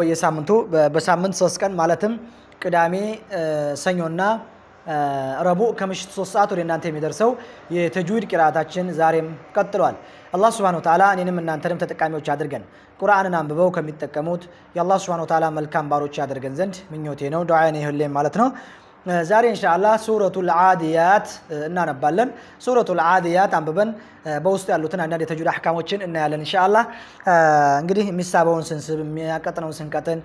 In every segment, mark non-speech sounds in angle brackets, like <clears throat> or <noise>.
በየሳምንቱ በሳምንት ሶስት ቀን ማለትም ቅዳሜ፣ ሰኞና ረቡዕ ከምሽት ሶስት ሰዓት ወደ እናንተ የሚደርሰው የተጅዊድ ቅርአታችን ዛሬም ቀጥሏል። አላህ ስብሐነሁ ወተዓላ እኔንም እናንተንም ተጠቃሚዎች አድርገን ቁርአንን አንብበው ከሚጠቀሙት የአላህ ስብሐነሁ ወተዓላ መልካም ባሮች ያደርገን ዘንድ ምኞቴ ነው፣ ዱዓዬ ነው ሁሌም ማለት ነው። ዛሬ እንሻላ ሱረቱል አዲያት እናነባለን። ሱረቱል አዲያት አንብበን በውስጡ ያሉትን አንዳንድ የተጁድ አሕካሞችን እናያለን እንሻላ። እንግዲህ የሚሳበውን ስንስብ፣ የሚያቀጥነውን ስንቀጥን፣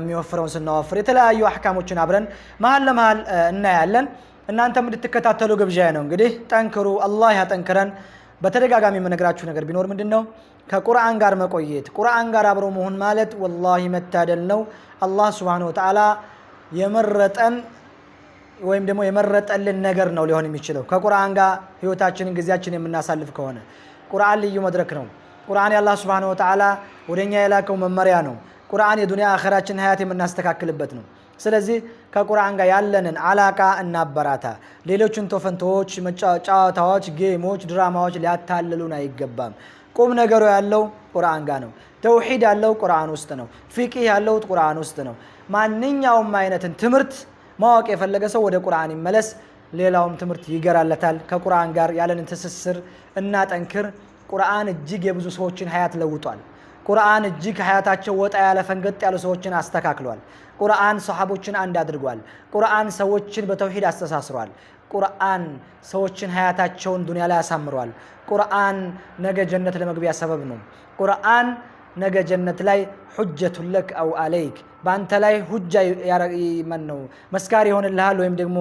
የሚወፍረውን ስናወፍር የተለያዩ አሕካሞችን አብረን መሀል ለመሀል እናያለን። እናንተም እንድትከታተሉ ግብዣ ነው። እንግዲህ ጠንክሩ፣ አላህ ያጠንክረን። በተደጋጋሚ የምነግራችሁ ነገር ቢኖር ምንድን ነው ከቁርአን ጋር መቆየት፣ ቁርአን ጋር አብሮ መሆን ማለት ወላሂ መታደል ነው። አላህ ሱብሓነሁ ወተዓላ የመረጠን ወይም ደግሞ የመረጠልን ነገር ነው ሊሆን የሚችለው። ከቁርአን ጋር ህይወታችንን ጊዜያችን የምናሳልፍ ከሆነ ቁርአን ልዩ መድረክ ነው። ቁርአን የአላህ ሱብሓነሁ ወተዓላ ወደኛ የላከው መመሪያ ነው። ቁርአን የዱንያ አኸራችን ሀያት የምናስተካክልበት ነው። ስለዚህ ከቁርአን ጋር ያለንን አላቃ እናበራታ። ሌሎችን ቶፈንቶዎች፣ ጨዋታዎች፣ ጌሞች፣ ድራማዎች ሊያታልሉን አይገባም። ቁም ነገሩ ያለው ቁርአን ጋር ነው። ተውሂድ ያለው ቁርአን ውስጥ ነው። ፊቅህ ያለው ቁርአን ውስጥ ነው። ማንኛውም አይነትን ትምህርት ማወቅ የፈለገ ሰው ወደ ቁርአን ይመለስ፣ ሌላውም ትምህርት ይገራለታል። ከቁርአን ጋር ያለንን ትስስር እናጠንክር። ቁርአን እጅግ የብዙ ሰዎችን ሀያት ለውጧል። ቁርአን እጅግ ሀያታቸው ወጣ ያለ ፈንገጥ ያሉ ሰዎችን አስተካክሏል። ቁርአን ሰሓቦችን አንድ አድርጓል። ቁርአን ሰዎችን በተውሂድ አስተሳስሯል። ቁርአን ሰዎችን ሀያታቸውን ዱንያ ላይ አሳምሯል። ቁርአን ነገ ጀነት ለመግቢያ ሰበብ ነው። ቁርአን ነገ ጀነት ላይ ሑጀቱን ለክ አው አለይክ በአንተ ላይ ሁጃ መን ነው መስካሪ ይሆንልሃል ወይም ደግሞ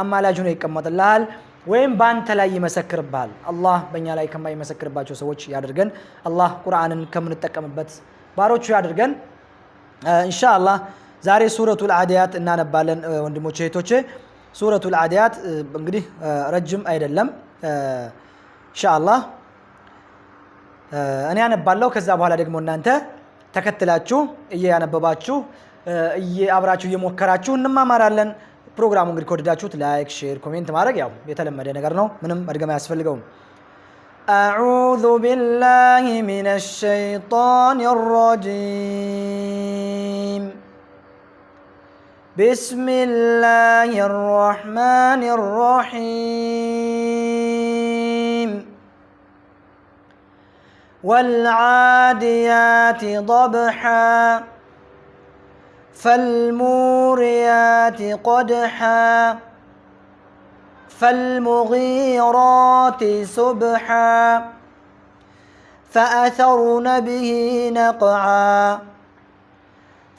አማላጅ ሆኖ ይቀመጥልሃል ወይም በአንተ ላይ ይመሰክርብሃል። አላህ በእኛ ላይ ከማይመሰክርባቸው ሰዎች ያደርገን አላህ ቁርአንን ከምንጠቀምበት ባሮቹ ያደርገን እንሻ ዛሬ ሱረቱል አድያት እናነባለን። ወንድሞች እህቶቼ፣ ሱረቱል አድያት እንግዲህ ረጅም አይደለም። እንሻ እኔ አነባለሁ። ከዛ በኋላ ደግሞ እናንተ ተከትላችሁ እያነበባችሁ አብራችሁ እየሞከራችሁ እንማማራለን። ፕሮግራሙ እንግዲህ ከወደዳችሁት ላይክ፣ ሼር፣ ኮሜንት ማድረግ ያው የተለመደ ነገር ነው። ምንም መድገም አያስፈልገውም። አዑዙ ቢላሂ ሚነ ሸይጣን ረጂም ቢስሚላሂ ረሕማን ረሒም والعاديات ضبحا فالموريات قدحا فالمغيرات سبحا فأثرن به نقعا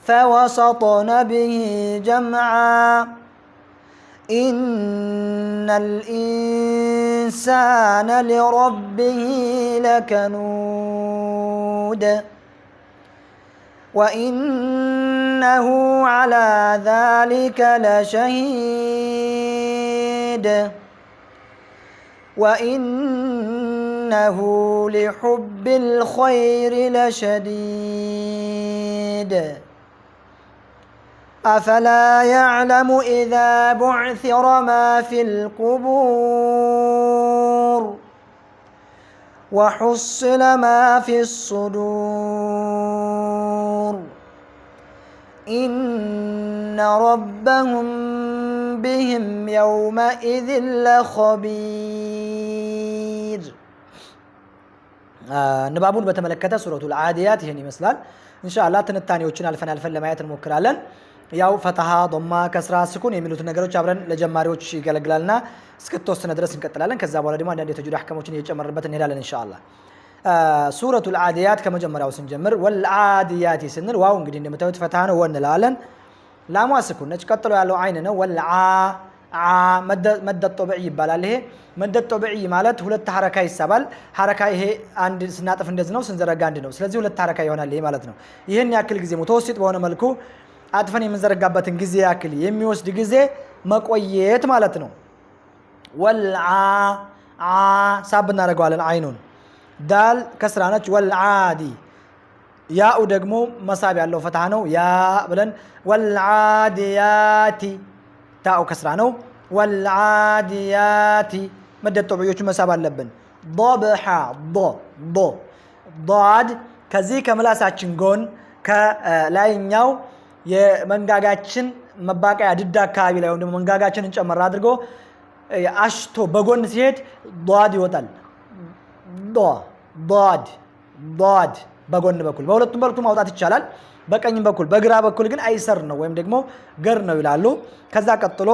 فوسطن به جمعا إن الإنسان لربه لكنود وإنه على ذلك لشهيد وإنه لحب الخير لشديد أفلا يعلم إذا بعثر ما في القبور وحصل ما في الصدور إن ربهم بهم يومئذ لخبير نبابون بتملكة سورة العاديات هنا مثلا إن شاء الله تنتاني وشنا الفن الفن لما يتنمو كرالا ያው ፈተሃ ዶማ፣ ከስራ፣ ስኩን የሚሉት ነገሮች አብረን ለጀማሪዎች ይገለግላልና እስክትወስነ ድረስ እንቀጥላለን። ከዛ በኋላ ደግሞ አንዳንድ የተጁድ አሕካሞችን እየጨመርንበት እንሄዳለን እንሻላ ሱረቱል ልአድያት ከመጀመሪያው ስንጀምር ወልአዲያት ስንል ዋው እንግዲህ እንደምታዩት ፈትሃ ነው ወንላለን። ላሟ ስኩን ነች። ቀጥሎ ያለው አይን ነው። ወልአ መደ ጦብዕ ይባላል። ይሄ መደ ጦብዕ ማለት ሁለት ሐረካ ይሳባል። ሐረካ ይሄ አንድ ስናጥፍ እንደዚህ ነው፣ ስንዘረጋ አንድ ነው። ስለዚህ ሁለት ሐረካ ይሆናል ይሄ ማለት ነው። ይህን ያክል ጊዜ ሙተወሲጥ በሆነ መልኩ አጥፈን የምንዘረጋበትን ጊዜ ያክል የሚወስድ ጊዜ መቆየት ማለት ነው። ወልዓ ሳብ እናደርገዋለን። አይኑን ዳል ከስራ ነች። ወልዓዲ ያኡ ደግሞ መሳብ ያለው ፈትሐ ነው። ያ ብለን ወልዓዲያቲ ታኡ ከስራ ነው። ወልዓዲያቲ መደብ ጠብዮቹ መሳብ አለብን። ቦብሓ ቦ ቦ ضاد ከዚህ ከምላሳችን ጎን ከላይኛው የመንጋጋችን መባቀያ ድድ አካባቢ ላይ ወይም ደግሞ መንጋጋችንን ጨመር አድርጎ አሽቶ በጎን ሲሄድ ድ ይወጣል። ድ በጎን በኩል በሁለቱም በኩል ማውጣት ይቻላል። በቀኝም በኩል በግራ በኩል ግን አይሰር ነው ወይም ደግሞ ገር ነው ይላሉ። ከዛ ቀጥሎ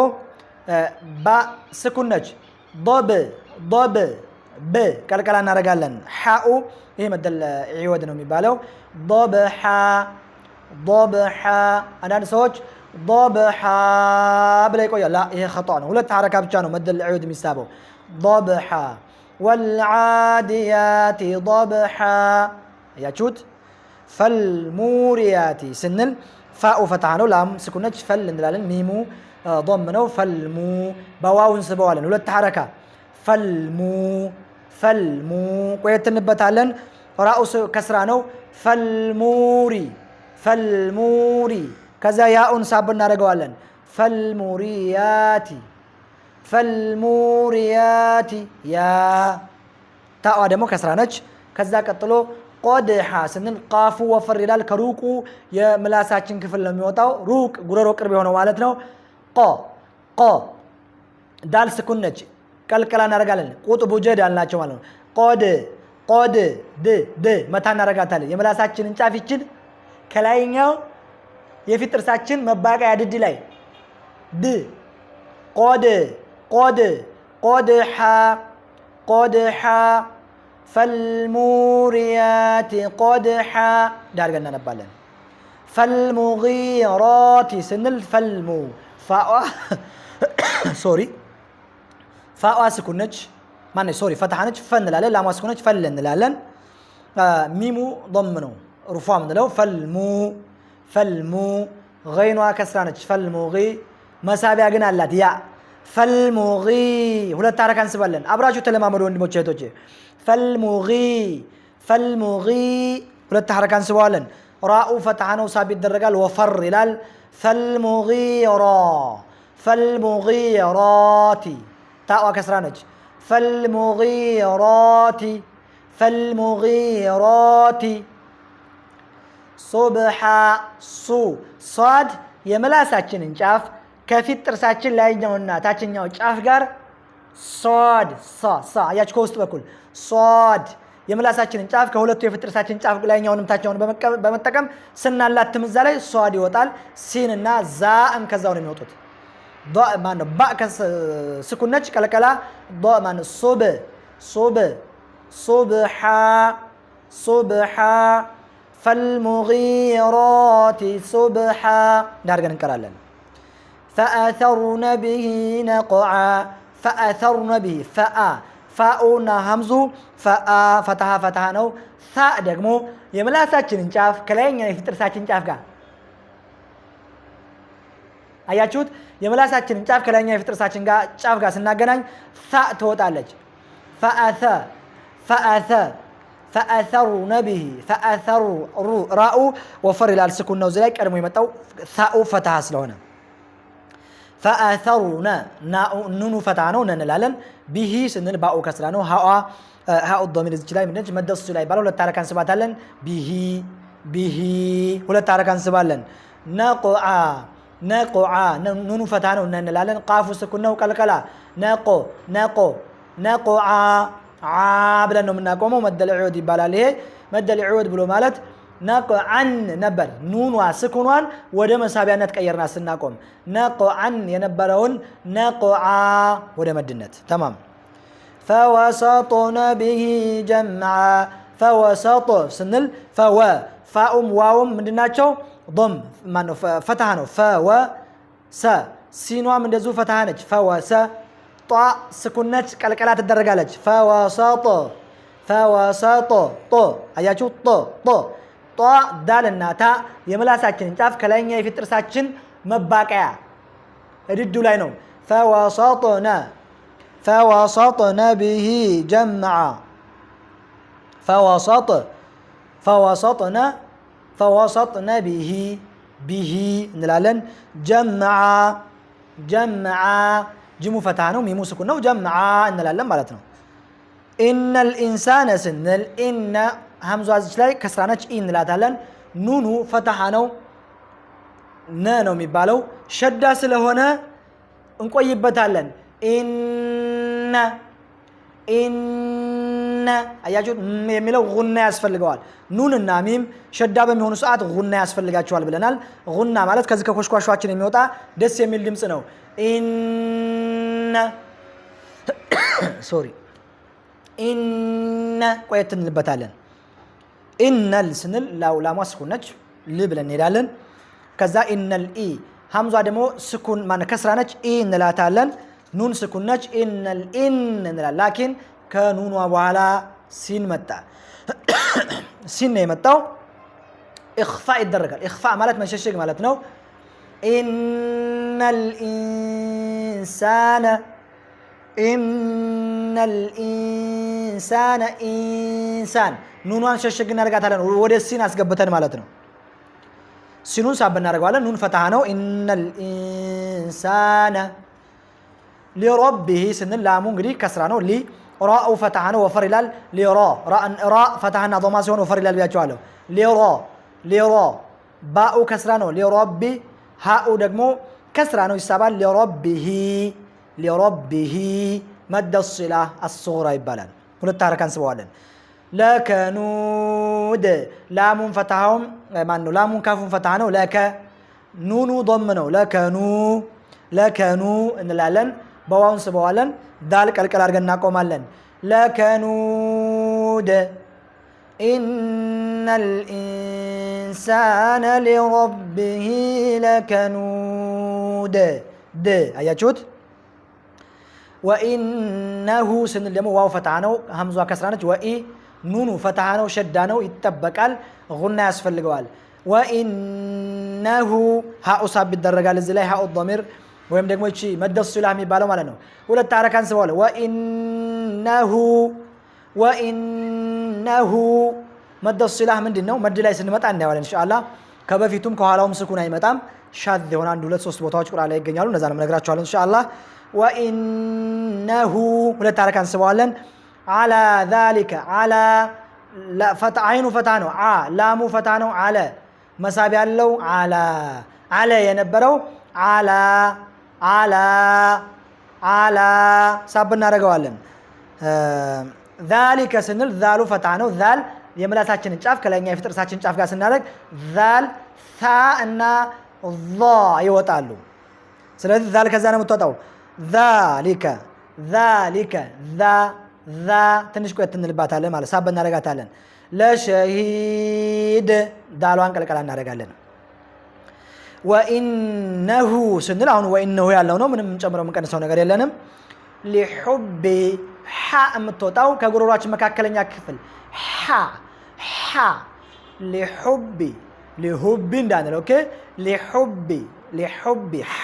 ባ ስኩን ነች። ዶብ ብ ቀልቀላ እናደርጋለን። ሓኡ ይህ መደል ዒወድ ነው የሚባለው ብ ሓ ضበሓ አንዳንድ ሰዎች ضበሓ ብለ ይቆያል። ላ ይሄ ኸጣ ነው። ሁለት ሐረካ ብቻ ነው መደል ዕዩድ የሚሳበው ضበሓ ወልዓዲያቲ ضበሓ እያችሁት ፈልሙሪያቲ ስንል ፋኡ ፈትሐ ነው። ላም ስኩነች ፈል እንላለን። ሚሙ ضም ነው። ፈልሙ በዋው እንስበዋለን። ሁለት ሐረካ ፈልሙ ፈልሙ ቆየት እንበታለን። ራኡ ከስራ ነው። ፈልሙሪ ፈልሙሪ ከዛ ያኡን ሳብ እናደርገዋለን። ፈልሙሪያቲ ፈልሙሪያቲ ያ ታዋ ደግሞ ከስራ ነች። ከዛ ቀጥሎ ቆድሓ ስንል ቃፉ ወፈር ይላል። ከሩቁ የምላሳችን ክፍል ነው የሚወጣው። ሩቅ ጉረሮ ቅርብ የሆነው ማለት ነው። ቆ ቆ ዳል ስኩን ነች። ቀልቀላ እናደርጋለን። ቁጥቡ ጀድ አልናቸው ማለት ነው። ቆድ ቆድ ድ ድ መታ እናደርጋታለን። የምላሳችንን ጫፍ ይችን ከላይኛው የፊት ጥርሳችን መባቂያ ድድ ላይ ድ ቆድ ቆድ ቆድ ቆድሓ ፈልሙሪያት ቆድሓ ዳርገ እናነባለን። ፈልሙጊራት ስንል ፈልሙ <coughs> ሶሪ ፋዋ ስኩነች ማነች ሶሪ ፈትሐነች ፈ እንላለን። ላማ ስኩነች ፈል እንላለን። ሚሙ ዶም ነው። ሩፏ ምንለው ፈልሙ ፈልሙ ይኗ ከስራ ነች። ፈልሙ መሳቢያ ግን አላት ያ ፈልሙጊ ሁለት አረካ እንስባለን። አብራችሁ ተለማመዱ ወንድሞች እህቶች። ፈልሙጊ ፈልሙጊ ሁለት አረካ እንስበዋለን። ራኡ ፈትሐ ነው፣ ሳቢ ይደረጋል። ወፈር ይላል። ፈልሙጊራ ፈልሙጊራቲ ታዋ ከስራ ነች። ፈልሙ ፈልሙጊራቲ ፈልሙጊራቲ ሶብሓ ሱ ሷድ የምላሳችንን ጫፍ ከፊት ጥርሳችን ላይኛውና ታችኛው ጫፍ ጋር ሶድ አያችሁ፣ ከውስጥ በኩል ሶድ የምላሳችንን ጫፍ ከሁለቱ የፊት ጥርሳችን ጫፍ ላይኛውንም ታችኛውን በመጠቀም ስናላትም እዛ ላይ ሷድ ይወጣል። ሲን እና ዛእም ከዛው ነው የሚወጡት። ማነው ባ ስኩነች ቀለቀላ ማነው ሱብ ሱብ ሱብሓ ሱብሓ ፈልሙጊራት ሱብሓ እንዳርገን እንቀራለን። ፈአተርነ ብሂ ነቁዓ ፈአተርነ ብሂ ፈአ ፋኡና ሀምዙ ፈአ ፈትሃ ፈትሃ ነው። ሳ ደግሞ የምላሳችንን ጫፍ ከላይኛ የፊት ጥርሳችን ጫፍ ጋር አያችሁት? የምላሳችንን ጫፍ ከላይኛ የፊት ጥርሳችን ጋር ጫፍ ጋር ስናገናኝ ሳ ትወጣለች። ፈአተ ፈአተ ፈአተሩነ ብሂ ፈአተሩ ራኡ ወፈር ይላል። ስኩን ነው እዚህ ላይ ቀድሞ የመጣው ሳኡ ፈትሃ ስለሆነ ፈአተሩነ ኑኑ ፈትሃ ነው ነን እንላለን። ብሂ ስንል ባኡ ከስራ ነው። ሀኡ ዶሚር እዚች ላይ ምንድነች መደሱ ላይ ይባላል። ሁለት ሐረካ እንስባታለን። ብሂ ብሂ ሁለት ሐረካ እንስባለን። ነቁዓ ነቁዓ ኑኑ ፈትሃ ነው ነን እንላለን። ቃፉ ስኩን ነው ቀልቀላ ነቆ ነቆ ነቁዓ ብለን ነው የምናቆመው። መደል ዑድ ይባላል። ይሄ መደል ዑድ ብሎ ማለት ነቅዐን ነበር። ኑኗ ስኩኗን ወደ መሳቢያነት ቀየርና ስናቆም ነቅዐን የነበረውን ነቅዐ ወደ መድነት ተማም። ፈወሰጡነ ብሂ ጀምዐ ፈወሰጡ ስንል ፈወ ፋኡም ዋውም ናቸው? ም ፈትሐ ነው። ፈወሰ ሲኗም እንደዚሁ ፈትሐ ነች። ፈወሰ ጧ ስኩነች ቀልቀላ ትደረጋለች። ፈወሰጦ ፈወሰጦ ጦ አያችሁ ጦ ጦ ጧ ዳልና ታ የምላሳችንን ጫፍ ከላይኛ የፊት ጥርሳችን መባቀያ እድዱ ላይ ነው። ፈወሰጥነ ፈወሰጥነ ብሂ ጀምዓ ፈወሰጥ ፈወሰጥነ ፈወሰጥነ ብሂ ብሂ እንላለን ጀምዓ ጀምዓ ጅሙ ፈትሃ ነው፣ ሚሙ ስኩን ነው። ጀምዓ እንላለን ማለት ነው። ኢነ ልኢንሳነ ስንል ኢነ ሀምዟ ዝች ላይ ከስራነች ኢ እንላታለን። ኑኑ ፈትሃ ነው፣ ነ ነው የሚባለው። ሸዳ ስለሆነ እንቆይበታለን። ኢነ ኢነ ጉነ አያችሁት የሚለው ጉና ያስፈልገዋል። ኑን እና ሚም ሸዳ በሚሆኑ ሰዓት ጉና ያስፈልጋቸዋል ብለናል። ጉና ማለት ከዚህ ከኮሽኳሿችን የሚወጣ ደስ የሚል ድምፅ ነው። ኢነ ሶሪ ኢነ ቆየት እንልበታለን። ኢነል ስንል ላሟ ስኩን ነች፣ ል ብለን እንሄዳለን። ከዛ ኢነል ኢ ሀምዟ ደግሞ ስኩን ማነ ከስራ ነች፣ ኢ እንላታለን። ኑን ስኩነች ኢነል ኢን እንላል ላኪን ከኑኗ በኋላ ሲን መጣ። ሲን ነው የመጣው። ኢኽፋ ይደረጋል። ኢኽፋ ማለት መሸሸግ ማለት ነው። ኢነል ኢንሳነ ኢነል ኢንሳነ ኢንሳን ኑኗን ሸሸግ እናደርጋታለን። ወደ ሲን አስገብተን ማለት ነው። ሲኑን ሳብ እናደርገዋለን። ኑን ፈትሃ ነው። ኢነል ኢንሳነ ሊረቢሂ ስንል ላሙ እንግዲህ ከስራ ነው ሊ ራ ፈትሐ ነው ወፈር ይላል። ሊሮ ራ ፈትሐና ዶማ ሲሆን ወፈር ይላል ብያቸዋለሁ። ሊሮ ሊሮ ባኡ ከስራ ነው። ሊሮቢ ሃኡ ደግሞ ከስራ ነው ይሳባል። ሊሮቢሂ ሊሮቢሂ መደ ሲላ አሱራ ይባላል። ሁለት ሐረካ እንስበዋለን። ለከኑድ ላሙን ፈትሐውም ማን ነው? ላሙን ካፉን ፈትሐ ነው። ለከ ኑኑ ዶም ነው። ለከኑ ለከኑ እንላለን በዋው እንስበዋለን ዳል ቀልቀል አድርገን እናቆማለን። ለከኑደ ኢነ ልኢንሳነ ሊረብህ ለከኑድ ድ አያችሁት። ወኢነሁ ስንል ደግሞ ዋው ፈትሐ ነው። ሀምዟ ከስራ ነች። ወኢ ኑኑ ፈትሐ ነው፣ ሸዳ ነው፣ ይጠበቃል። ጉና ያስፈልገዋል። ወኢነሁ ሀኡ ሳብ ይደረጋል። እዚ ላይ ሀኡ ዶሚር ወይም ደግሞ እቺ መደሱ ላ የሚባለው ማለት ነው። ሁለት አረካን ስበለ ወኢነሁ ወኢነሁ መደሱ ላ ምንድን ነው? መድ ላይ ስንመጣ እናየዋለን እንሻላ። ከበፊቱም ከኋላውም ስኩን አይመጣም። ሻዝ የሆነ አንድ ሁለት ሶስት ቦታዎች ቁራ ላይ ይገኛሉ። እነዛ ነው እነግራችኋለሁ እንሻላ። ወኢነሁ ሁለት አረካን ስበዋለን። አላ ዛሊከ አላ አይኑ ፈታ ነው። ላሙ ፈታ ነው። አለ መሳቢያ ያለው አላ አለ የነበረው አላ አላ አላ ሳብ እናደርገዋለን። ዛሊከ ስንል ዛሉ ፈታ ነው። ዛል የምላሳችንን ጫፍ ከላይኛ የፍጥርሳችን ጫፍ ጋር ስናደርግ ዛል ሳ እና ይወጣሉ። ስለዚህ ዛል ከዛ ነው የምትወጣው። ዛሊከ ዛሊከ ዛ ዛ ትንሽ ቆየት እንልባታለን ማለት ሳብ እናደርጋታለን። ለሸሂድ ዳሏን ቀልቀላ እናደርጋለን። ወኢነሁ ስንል አሁን ወኢነሁ ያለው ነው። ምንም ጨምረው የምንቀንሰው ነገር የለንም። ሊሑቤ ሓ የምትወጣው ከጉሮሯችን መካከለኛ ክፍል ሓ ሓ ሊሑቢ ሊሑቢ እንዳንለው ኦኬ ሊሑቢ ሊሑቢ ሓ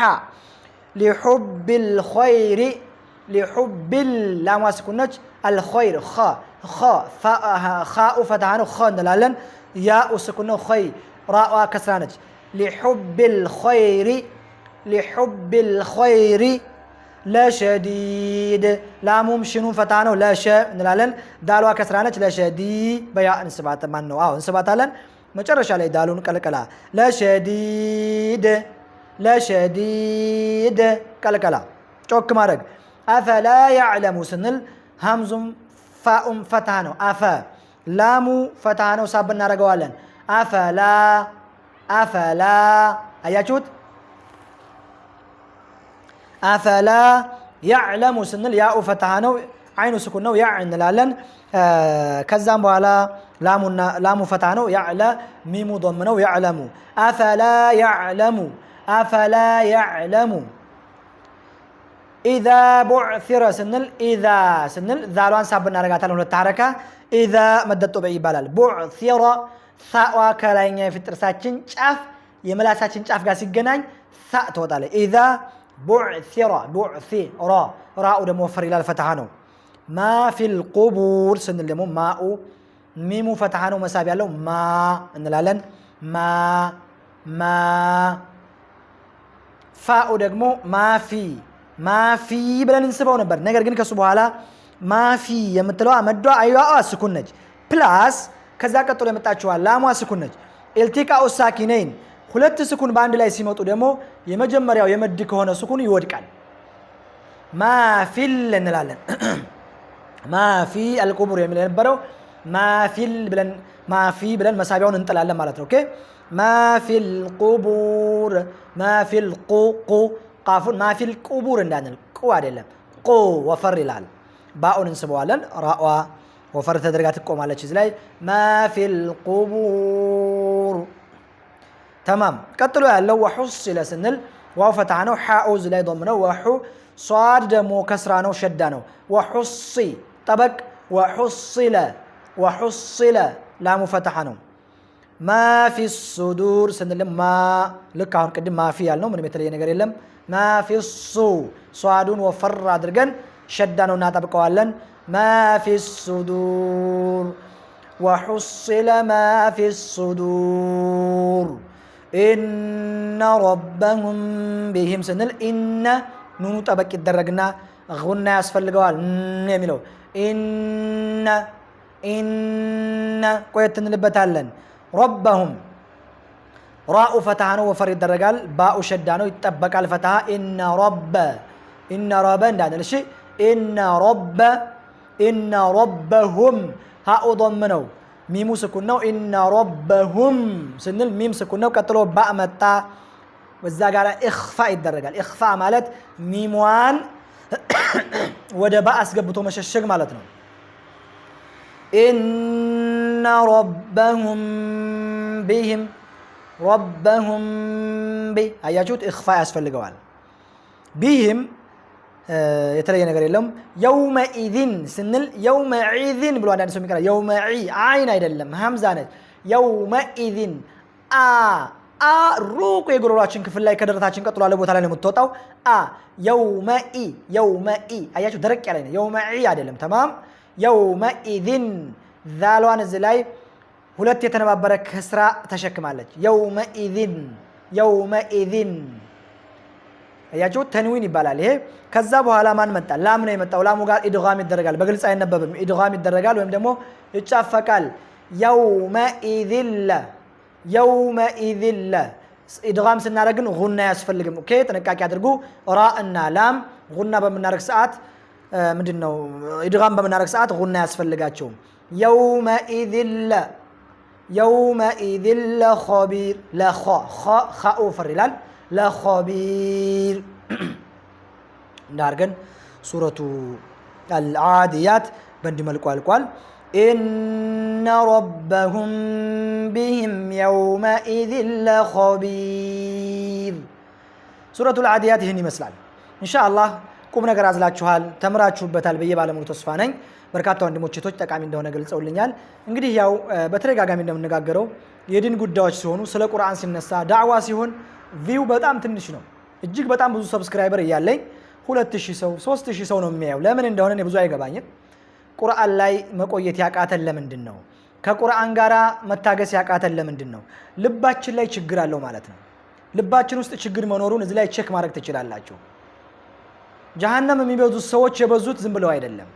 ሊሑቢ ልኸይሪ ሊሑቢ ላሟ ነች። አልኸይር ኸ ኸ ፈትሓ ነው ኸ እንላለን። ያኡ ስኩን ነው ኸይ ራእዋ ከስራ ነች። ሊሑብል ኸይሪ ሊሑብል ኸይሪ ለሸዲድ ላሙም ሽኑን ፈታ ነው። ለሸ እንላለን። ዳሏ ከስራነች። ለሸዲ በያ እንስባት ማን ነው? አዎ እንስባታለን። መጨረሻ ላይ ዳሉን ቀልቀላ ለሸዲድ ለሸዲድ ቀልቀላ ጮክ ማድረግ አፈላ ያዕለሙ ስንል ሀምዙም ፋኡም ፈታ ነው። አፈ ላሙ ፈታ ነው። ሳብ እናደርገዋለን። አፈላ አፈላ አያችሁት። አፈላ ያዕለሙ ስንል ያኡ ፈትሃ ነው፣ አይኑ ስኩን ነው፣ ያ እንላለን። ከዛም በኋላ ላሙ ፈትሃ ነው፣ ያዕለ ሚሙ ዶም ነው፣ ያዕለሙ። አፈላ ያዕለሙ አፈላ ያዕለሙ ኢዛ ቡዕሲረ ስንል ኢዛ ስንል ዛሏን ሳብ እናደርጋታለን ሁለት ሐረካ ኢዛ መደጦበ ይባላል። ቡዕሲረ ሳዋ ከላይኛ የፊት ጥርሳችን ጫፍ የመላሳችን ጫፍ ጋር ሲገናኝ ሳ ትወጣለች። ኢዛ ቡዕሲራ ራ ራኡ ደግሞ ወፈር ይላል፣ ፈትሓ ነው። ማ ፊል ቁቡር ስንል ደግሞ ማኡ ሚሙ ፈትሓ ነው፣ መሳብ ያለው ማ እንላለን። ማ ማ ፋኡ ደግሞ ማፊ ማፊ ብለን እንስበው ነበር። ነገር ግን ከሱ በኋላ ማፊ የምትለዋ መዷ አይዋ ስኩን ነች ፕላስ ከዛ ቀጥሎ የመጣችኋል ላሟ ስኩን ነች። ኤልቲቃ ኦሳኪነይን ሁለት ስኩን በአንድ ላይ ሲመጡ ደግሞ የመጀመሪያው የመድ ከሆነ ስኩን ይወድቃል። ማፊል እንላለን። <clears throat> ማፊ አልቁቡር የሚል የነበረው ማፊ ብለን መሳቢያውን እንጥላለን ማለት ነው። ማፊል ቁቡር ማፊል ቁቁ ቃፉን ማፊል ቁቡር እንዳንል ቁ አይደለም ቁ ወፈር ይላል። ባኡን እንስበዋለን ራዋ ወፈር ተደርጋ ትቆማለች። እዚህ ላይ ማፊል ቁቡር ተማም። ቀጥሎ ያለው ወሑሲለ ስንል ዋው ፈታ ነው። ሓኡ እዚህ ላይ ዶም ነው። ወሑ ሷድ ደግሞ ከስራ ነው፣ ሸዳ ነው። ወሑሲ ጠበቅ። ወሑሲለ ወሑሲለ ላሙ ፈታ ነው። ማፊ ሱዱር ስንል ማ ልክ አሁን ቅድም ማፊ ያልነው ምንም የተለየ ነገር የለም። ማፊ ሱ ሷዱን ወፈር አድርገን ሸዳ ነው እናጠብቀዋለን። ما في الصدور وحصل ما في الصدور إن ربهم بهم سنل إن نونو طبق الدرجنا غنى الجوال የሚለው إن إن ቆየት እንልበታለን ربهم راء ፈትሃ وفر الدرجال باء ባኡ يتبك ነው إن رب إن ربنا እንዳንል إن رب ኢነ ረበሁም ሀኡ ዶም ነው። ሚሙ ስኩን ነው። ኢነ ረበሁም ስንል ሚም ስኩን ነው። ቀጥሎ ባ መጣ። እዛ ጋር ኢኽፋ ይደረጋል። ኢኽፋ ማለት ሚሟን <coughs> ወደ ባ አስገብቶ መሸሸግ ማለት ነው። ኢነ ረበሁም ቢህም ረበሁም ቢ አያችሁት፣ ኢኽፋ ያስፈልገዋል። ቢህም የተለየ ነገር የለውም። የውመኢዝን ስንል የውመዒዝን ብሎ አንዳንድ ሰው የሚቀራ የውመ አይን አይደለም፣ ሀምዛ ነች። የውመኢዝን አ አ ሩቁ የጉሮሯችን ክፍል ላይ ከደረታችን ቀጥሎ ያለ ቦታ ላይ ነው የምትወጣው። አ የውመ የውመኢ አያቸው ደረቅ ያለ የውመ አይደለም። ተማም የውመኢዝን ዛሏን እዚህ ላይ ሁለት የተነባበረ ከስራ ተሸክማለች። የውመኢዝን የውመኢዝን እያችሁ ተንዊን ይባላል ይሄ። ከዛ በኋላ ማን መጣ? ላም ነው የመጣው። ላሙ ጋር ኢድጋም ይደረጋል። በግልጽ አይነበብም። ኢድጋም ይደረጋል ወይም ደግሞ ይጫፈቃል። የውመኢዝለ የውመኢዝለ ኢድጋም ስናደርግን ጉና አያስፈልግም። ኦኬ ጥንቃቄ አድርጉ። ራ እና ላም ጉና በምናደርግ ሰዓት ምንድን ነው ኢድጋም በምናደርግ ሰዓት ጉና አያስፈልጋቸውም። የውመኢዝለ የውመኢዝለ ኸቢር ለኸ ኸኡ ፈር ይላል ለኸቢር <clears throat> እንዳርገን ሱረቱ አልዓድያት በእንዲህ መልኩ አልቋል። ኢነ ረበሁም ቢህም የውመኢዝን ለኸቢር። ሱረቱ አልዓድያት ይህን ይመስላል። እንሻአላህ ቁም ነገር አዝላችኋል፣ ተምራችሁበታል ብዬ ባለሙሉ ተስፋ ነኝ። በርካታ ወንድሞች ቶች ጠቃሚ እንደሆነ ገልጸውልኛል። እንግዲህ ያው በተደጋጋሚ እንደምነጋገረው የድን ጉዳዮች ሲሆኑ ስለ ቁርአን ሲነሳ ዳዕዋ ሲሆን ቪው በጣም ትንሽ ነው። እጅግ በጣም ብዙ ሰብስክራይበር እያለኝ ሁለት ሺህ ሰው ሶስት ሺህ ሰው ነው የሚያየው። ለምን እንደሆነ እኔ ብዙ አይገባኝም። ቁርአን ላይ መቆየት ያቃተን ለምንድን ነው? ከቁርአን ጋር መታገስ ያቃተን ለምንድን ነው? ልባችን ላይ ችግር አለው ማለት ነው። ልባችን ውስጥ ችግር መኖሩን እዚህ ላይ ቼክ ማድረግ ትችላላችሁ። ጀሀነም የሚበዙት ሰዎች የበዙት ዝም ብለው አይደለም።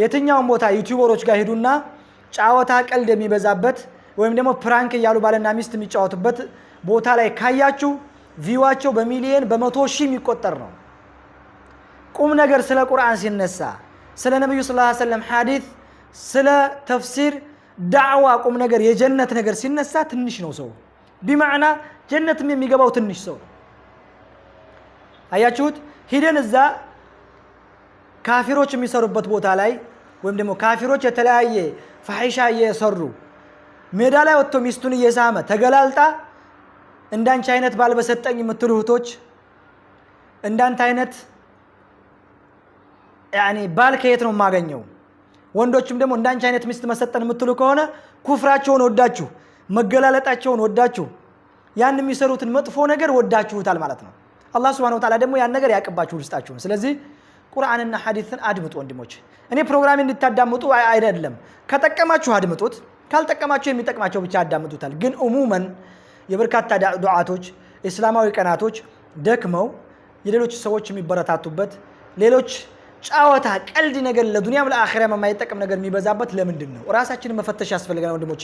የትኛውን ቦታ ዩቲዩበሮች ጋር ሄዱና ጫወታ ቀልድ የሚበዛበት ወይም ደግሞ ፕራንክ እያሉ ባልና ሚስት የሚጫወቱበት ቦታ ላይ ካያችሁ ቪዋቸው በሚሊየን በመቶ ሺህ የሚቆጠር ነው። ቁም ነገር ስለ ቁርአን ሲነሳ ስለ ነቢዩ ስ ሰለም ሐዲት፣ ስለ ተፍሲር፣ ዳዕዋ ቁም ነገር የጀነት ነገር ሲነሳ ትንሽ ነው ሰው ቢማዕና ጀነትም የሚገባው ትንሽ ሰው አያችሁት። ሂደን እዛ ካፊሮች የሚሰሩበት ቦታ ላይ ወይም ደግሞ ካፊሮች የተለያየ ፋሒሻ እየሰሩ ሜዳ ላይ ወጥቶ ሚስቱን እየሳመ ተገላልጣ እንዳንቺ አይነት ባልበሰጠኝ የምትሉ እህቶች እንዳንተ አይነት ያኔ ባል ከየት ነው የማገኘው? ወንዶችም ደግሞ እንዳንቺ አይነት ሚስት መሰጠን የምትሉ ከሆነ ኩፍራቸውን ወዳችሁ መገላለጣቸውን ወዳችሁ ያን የሚሰሩትን መጥፎ ነገር ወዳችሁታል ማለት ነው። አላህ ስብሐነሁ ወተዓላ ደግሞ ያን ነገር ያቅባችሁ ውስጣችሁን። ስለዚህ ቁርአንና ሐዲትን አድምጡ ወንድሞች። እኔ ፕሮግራም እንድታዳምጡ አይደለም፣ ከጠቀማችሁ አድምጡት፣ ካልጠቀማችሁ የሚጠቅማቸው ብቻ ያዳምጡታል። ግን እሙመን የበርካታ ዱዓቶች፣ እስላማዊ ቀናቶች ደክመው የሌሎች ሰዎች የሚበረታቱበት ሌሎች ጨዋታ፣ ቀልድ ነገር ለዱንያም ለአኼራም የማይጠቅም ነገር የሚበዛበት ለምንድን ነው? ራሳችንን መፈተሽ ያስፈልገናል ወንድሞች።